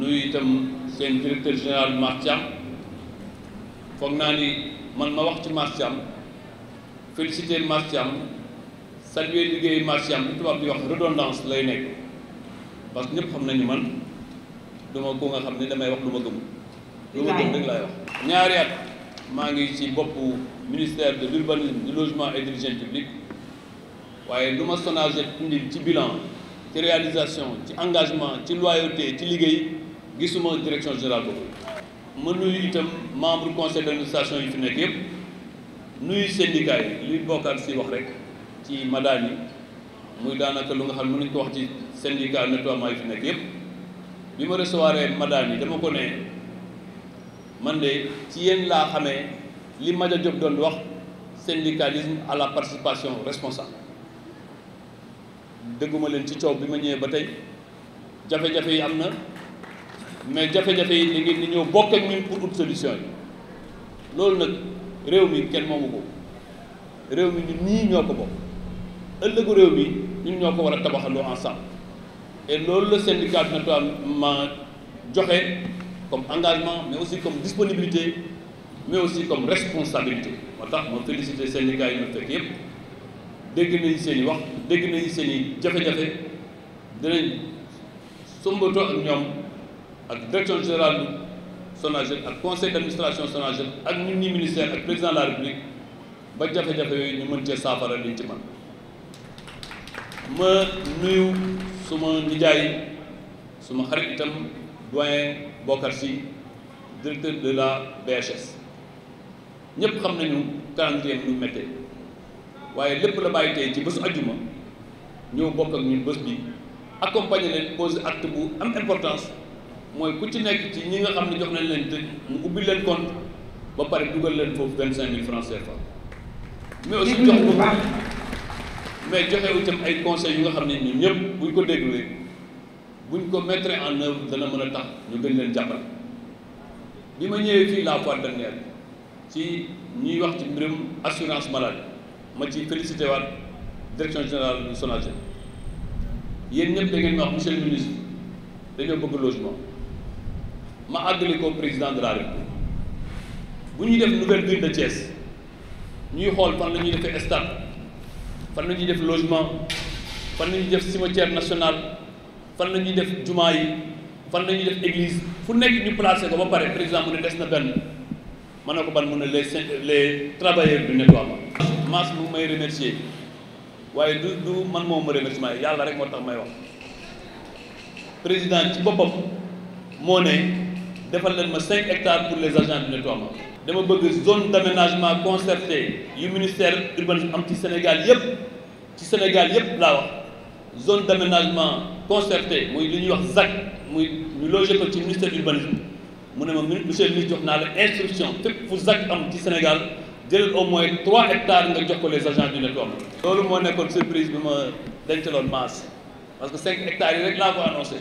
nuyu itam seen directeur général Martiam foog naa ni man ma wax ci Martiam félicité Martiam saluer liggéeyu Martiam li tubaab di wax redondance lay nekk parce que ñëpp xam nañu man duma ko nga xam ne damay wax lu ma gëm lu ma gëm rek laay wax ñaari at maa ngi ci boppu ministère de l'urbanisme du logement et de waaye lu ma Sonaged indil ci bilan ci réalisation ci engagement ci loyauté ci liggéey gisuma direction générale boobu ma nuyu itam membre conseil d'administration yi fi nekk yëpp nuyu syndicat yi li bokkaat si wax rek ci madaan yi muy daanaka lu nga xam ne mën nañu ko wax ci syndicat nettoiement yi fi nekk yëpp bi ma recevoir madaan yi dama ko ne man de ci yéen laa xamee li Madia Diop doon wax syndicalisme à la participation responsable dégguma leen ci coow bi ma ñëwee ba tey jafe-jafe yi am na mais jafe-jafe yi da ngeen di ñëw bokk ak ñun pour ut solution yi loolu nag réew mi kenn moomu ko réew mi ñun ñii ñoo ko bokk ëllëgu réew mi ñun ñoo ko war a tabaxaloo ensemble e loolu la syndicat bi ma joxe comme engagement mais aussi comme disponibilité mais aussi comme responsabilité moo tax ma félicité syndicat yi ma fekk yëpp. dégg nañ seen i wax dégg nañ seen i jafe-jafe dinañ sumbato ak ñoom ak director générale bu ak conseil d' administration ak ñun ñi ministère ak président de la république ba jafe-jafe yooyu ñu mën cee saafara liñ ci man ma nuyu suma nijaay suma xarit itam doyen Bokar Sy directeur de la BHS ñëpp xam nañu calendrier nu méttee waaye lépp la bàyyi tey ci bésu ajjuma ñëw bokk ak ñu bés bi accompagner leen poser act bu am importance mooy ku ci nekk ci ñi nga xam ne jox nañ leen dëkk mu ubbi leen compte ba pare dugal leen foofu vingt cinq mille francs CFA mais aussi jox ko mais joxe itam ay conseils yu nga xam ne ñun ñëpp buñ ko dégluwee buñ ko mettre en œuvre dana mën a tax ñu gën leen jàppal bi ma ñëwee fii la fois dernière ci ñuy wax ci mbirum assurance maladie ma ci félicité waat direction générale du SONAGED yéen ñëpp da ngeen wax monsieur le ministre dañoo bëgg logement ma àggale ko président de la République bu ñuy def nouvelle ville de Thiès ñuy xool fan la ñuy defee stade fan la ñuy def logement fan la ñuy def cimetière national fan la ñuy def jumaa yi fan la ñuy def église fu nekk ñu placé ko ba pare président mu ne des na benn ma ne ko ban mu ne les les travailleurs du nettoiement masse mu may remercier waaye du du man moom ma remerciement yàlla rek moo tax may wax président ci boppam moo ne defal leen ma cinq hectares pour les agents du nettoiement dama bëgg zone d'aménagement concertée yu ministère urbanisme am ci Sénégal yëpp ci Sénégal yëpp laa wax zone d'aménagement concertée muy li ñuy wax ZAC muy ñu logé ko ci ministère urbanisme mu ne ma monsieur le ministre jox naa la instruction fépp fu ZAC am ci Sénégal jël au moins trois hectares nga jox ko les agents du nettoiement. loolu moo nekkoon surprise bi ma dencaloon maas parce que cinq yi rek laa ko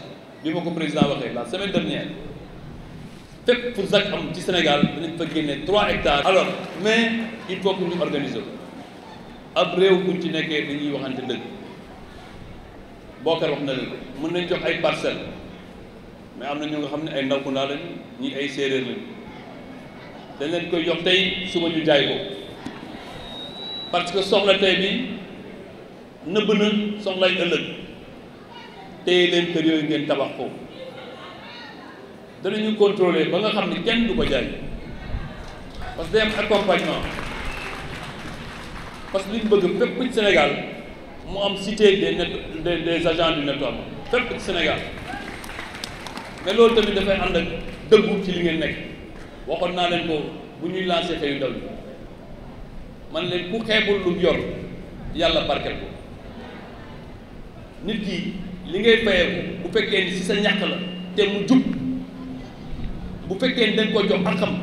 bi ma ko président waxee la semaine dernière fépp fu ZAC am ci Sénégal dinañ fa génne trois hectares. alors mais i faut que ñu organiser ko ab réew buñ ci nekkee dañuy waxante dëgg bookar wax na leen mën nañ jox ay parcelles mais am na ñu nga xam ne ay ndaw ku ndaa ñii ay séeréer dañ leen koy jox tey suba ñu jaay ko parce que soxla tey bi nëbb na soxlay ëllëg téye leen kër yooyu ngeen tabax ko danañu contrôler ba nga xam ne kenn du ko jaay parce que day am accompagnement parce que li ñu bëgg fépp ci Sénégal mu am cité des net des des agents du nettoiement fépp Sénégal mais loolu tamit dafay ànd ak dëggu ci li ngeen nekk. waxoon naa leen ko bu ñuy lancé te yu ndaw yi man leen ku xeebul lu yor yàlla barkel ko nit ki li ngay fayee ko bu fekkee ni si sa ñàkk la te mu jub bu fekkee ni dañ koo jox ak xam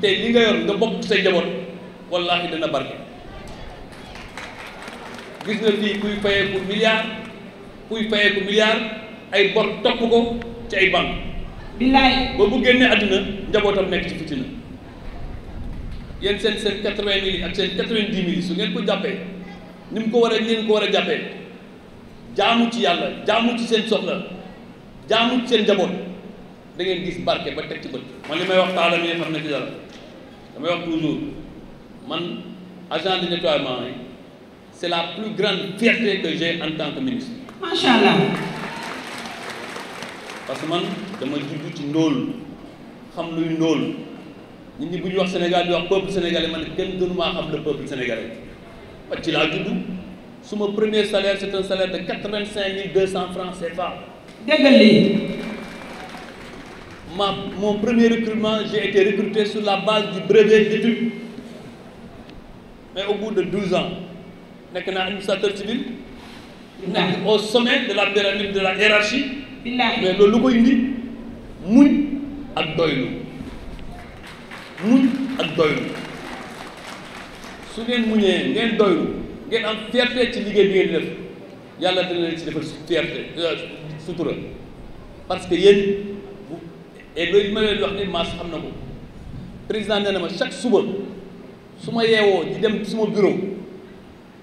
te li nga yor nga bokk sa njaboot wallaahi dana barke gis nga fii kuy fayee ku milliard kuy fayee ku milliard ay bor topp ko ci ay banque billaay ba bu génnee àddina njabootam nekk ci fitina yéen seen seen quatre-vingt mille ak seen quatre-vingt-dix mille su ngeen ko jàppee ni mu ko war a ngeen ko war a jàppee jaamu ci yàlla jaamu ci seen soxla jaamu ci seen njaboot da ngeen gis barke ba teg ci bët man li may wax taala mi xam ne ci dara damay wax man agent de nettoiement yi c'est la plus grande fierté que j'ai en tant que ministre macha allah parce man dama juddu ci ndóol xam luy ndóol nit ñi bu ñu wax Sénégal di wax peuple sénégalais man kenn gënu maa xam le peuple sénégalais parce ci laa juddu suma premier salaire c'est un salaire de quatre-vingt-cinq mille deux cents francs CFA. déggal lii. ma mon premier recrutement j'ai été recruté sur la base du brevet d'études mais au bout de douze ans nekk naa administrateur civil. nekk au sommet de la pyramide de la mais loolu lu ko indi. muñ ak doylu muñ ak doylu su ngeen muñee ngeen doylu ngeen am fierté ci liggéey bi ngeen def yàlla dina leen ci defal fierté euh, sutura parce que yéen bu et loolu ma leen wax ni maas xam na ko président nee na ma chaque suba su ma yeewoo di dem suma bureau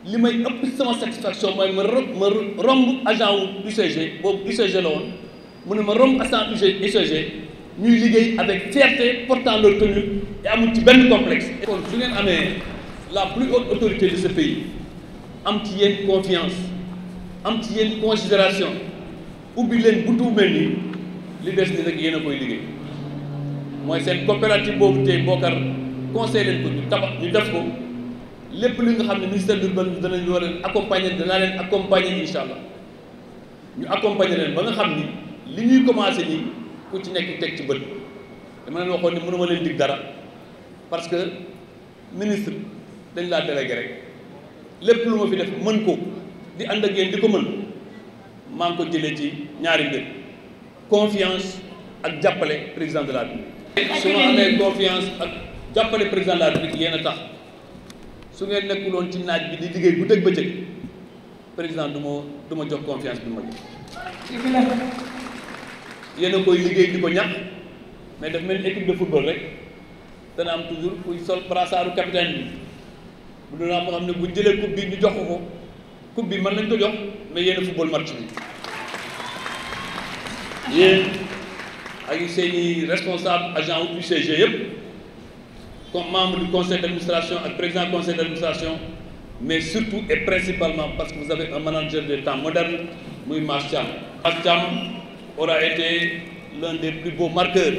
li may ëpp sama satisfaction mooy ma ma romb agent wu UCG boobu UCG la woon mu ne ma Rome instant UCG ñuy liggéey avec fierté portant leur tenue et amul ci benn complexe. kon su neen amee la plus haute autorité de ce pays am ti yéen confiance am ci yéen considération ubbi leen bu tuumee nii li des ni rek yéen a koy liggéey mooy seen coopérative boobu tey bookar conseil leen ko ñu tabax ñu def ko lépp li nga xam ne ministère de l'urbanisme danañ war leen accompagner danaa leen accompagner incha allah ñu accompagner leen ba nga xam ni. li ñuy commencé nii ku ci nekk teg ci bët dama leen waxoon ni mënuma leen dig dara parce que ministre dañ laa tele rek lépp lu ma fi def mën ko di ànd ak yéen di ko mën maa ngi ko jëlee ci ñaari mbir confiance ak jàppale président de la République su ma amee confiance ak jàppale président de la République yéen a tax su ngeen nekkuloon ci naaj bi di liggéey bu dëgg bëccëg président du ma du ma jox confiance bi ma jox yéen a koy liggéey di ko ñàkk mais daf mel ni équipe de football rek dana am toujours kuy sol brassaaru capitaine bi bu doon am xam ne bu jëlee coupe bi ñu jox ko coupe bi man nañ ko jox mais yéen a football match bi yéen ak seen i responsable agent wu UCG yëpp comme membre du conseil d'administration ak président conseil d'administration mais surtout et principalement parce que vous avez un manager de temps moderne muy Mass Thiam Mass Thiam aura été l'un des plus beaux marqueurs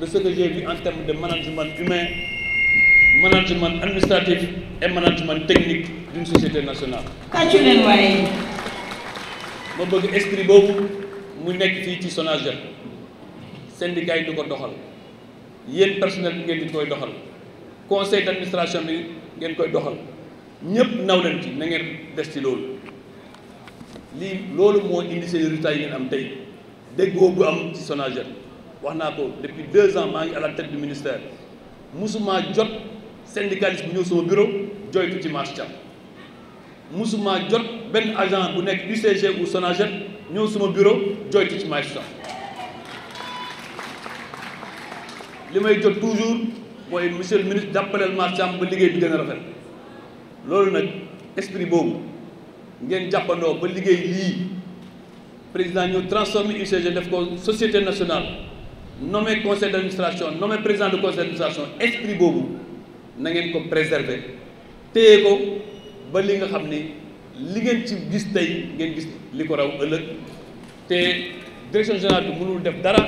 de ce que j'ai en termes de management humain, management administratif et management technique d'une société nationale. tàccu leen waaye. ma bëgg esprit boobu mu nekk fii ci Sonaged syndicat yi di ko doxal yéen personnel bi ngeen di koy doxal conseil d'administration bi ngeen koy doxal ñëpp naw leen ci na ngeen des ci loolu. lii loolu moo indi seen résultats yi ngeen am tey déggoo bu am ci SONAGED wax naa ko depuis deux ans maa ngi à la tête ministère musuma jot syndicaliste bu ñëw suma bureau joytu ci marché Thiam musuma jot benn agent bu nekk UCG ou SONAGED ñëw suma bureau joytu ci marché Thiam li may jot toujours mooy monsieur le ministre jàppaleel marché Thiam ma liggéey bi gën a rafet loolu nag esprit boobu. ngeen jàppandoo ba liggéey lii président ñu transformé UCG def ko société nationale nommé conseil d' administration nommé président du conseil d' administration esprit boobu na ngeen ko préserver téye ko ba li nga xam ni li ngeen ci gis tey ngeen gis li ko raw ëllëg te direction générale bi mënul def dara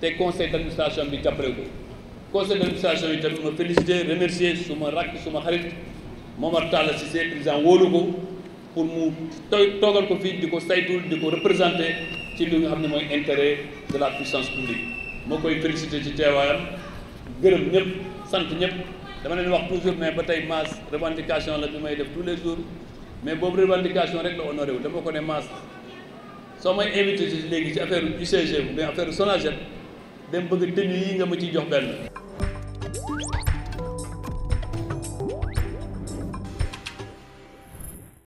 te conseil d' bi jàppale ko conseil d' administration yi tamit ma félicité remercier su ma rakk su ma xarit Momar Talla Cissé président wóolu ko. pour mu toy toogal ko fii di ko saytul di ko représenté ci li nga xam ne mooy intérêt de la puissance publique moo koy félicité ci teewaayam gërëm ñëpp sant ñëpp dama leen wax toujours mais ba tey maas revendication la bi may def tous les jours mais boobu revendication rek la honoré wu dama ko ne maas soo may invité ci léegi ci affaire UCG mais affaire SONAGED dem bëgg tenue yi nga ma ci jox benn